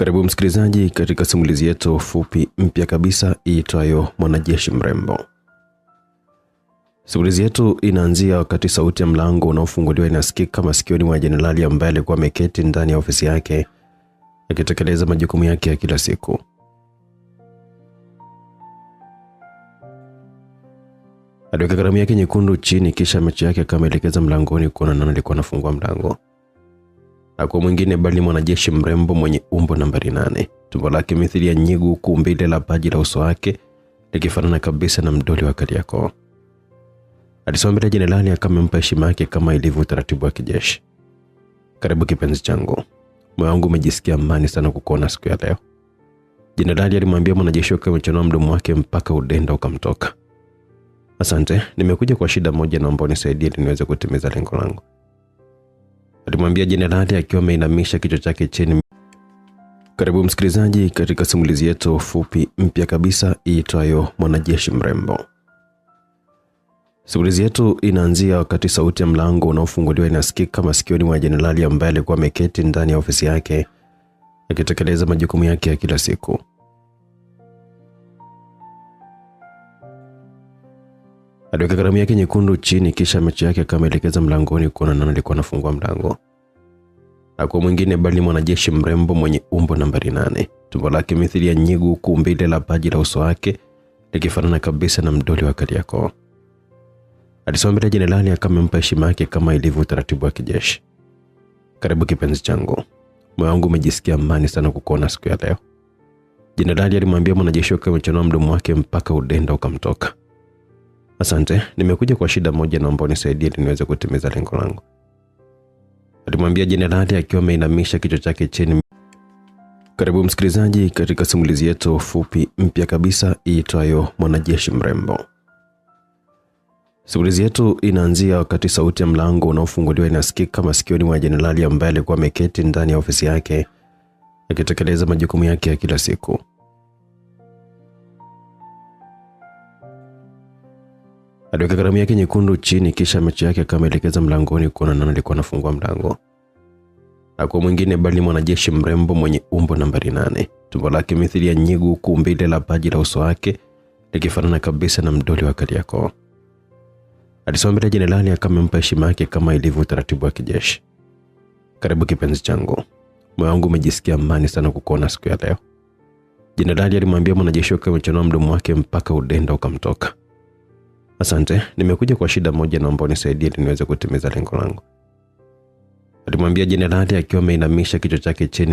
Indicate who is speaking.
Speaker 1: Karibu msikilizaji katika simulizi yetu fupi mpya kabisa iitwayo Mwanajeshi Mrembo. Simulizi yetu inaanzia wakati sauti ya mlango unaofunguliwa inasikika masikioni mwa jenerali ambaye alikuwa ameketi ndani ya ofisi yake akitekeleza majukumu yake ya kila siku. Aliweka kalamu yake nyekundu chini, kisha macho yake akamelekeza mlangoni kuona nani alikuwa anafungua mlango hakuwa mwingine bali mwanajeshi mrembo mwenye umbo nambari nane. Tumbo lake mithili ya nyigu, huku umbile la paji la uso wake likifanana kabisa na mdoli wa Kariakoo. Alisoma mbele jenerali akamempa heshima yake kama ilivyo utaratibu wa kijeshi. Karibu kipenzi changu, moyo wangu umejisikia amani sana kukuona siku ya leo, jenerali alimwambia mwanajeshi wake amechanua mdomo wake mpaka udenda ukamtoka. Asante, nimekuja kwa shida moja, naomba unisaidie ili niweze kutimiza lengo langu akimwambia jenerali akiwa ameinamisha kichwa chake chini. Karibu msikilizaji katika simulizi yetu fupi mpya kabisa iitwayo Mwanajeshi Mrembo. Simulizi yetu inaanzia wakati sauti ya mlango unaofunguliwa inasikika masikioni mwa jenerali ambaye alikuwa ameketi ndani ya ofisi yake akitekeleza majukumu yake ya kila siku. Aliweka kalamu yake nyekundu chini, kisha macho yake akamelekeza mlangoni kuona nani alikuwa anafungua mlango hakuwa mwingine bali mwanajeshi mrembo mwenye umbo nambari nane. Tumbo lake mithili ya nyigu, huku umbile la paji la uso wake likifanana kabisa na mdoli wa Kariakoo. Alisoma mbele jenerali akamempa heshima yake kama ilivyo utaratibu wa kijeshi. Karibu kipenzi changu, moyo wangu umejisikia amani sana kukuona siku ya leo, jenerali alimwambia mwanajeshi wake amechanua mdomo wake mpaka udenda ukamtoka. Asante, nimekuja kwa shida moja, naomba unisaidie ili niweze kutimiza lengo langu akimwambia jenerali akiwa ameinamisha kichwa chake chini. Karibu msikilizaji katika simulizi yetu fupi mpya kabisa iitwayo Mwanajeshi Mrembo. Simulizi yetu inaanzia wakati sauti ya mlango unaofunguliwa inasikika masikioni mwa jenerali ambaye alikuwa ameketi ndani ya ofisi yake akitekeleza majukumu yake ya kila siku. Aliweka kalamu yake nyekundu chini, kisha macho yake akamelekeza mlangoni kuona nani alikuwa anafungua mlango hakuwa mwingine bali mwanajeshi mrembo mwenye umbo nambari nane. Tumbo lake mithili ya nyigu, kumbile la paji la uso wake likifanana kabisa na mdoli wa Kariakoo. Alisoma mbele jenerali akamempa heshima yake kama ilivyo utaratibu wa kijeshi. Karibu kipenzi changu, moyo wangu umejisikia amani sana kukuona siku ya leo, jenerali alimwambia mwanajeshi wake amechanua mdomo wake mpaka udenda ukamtoka. Asante, nimekuja kwa shida moja, naomba unisaidie ili niweze kutimiza lengo langu akimwambia jenerali akiwa ameinamisha kichwa chake chini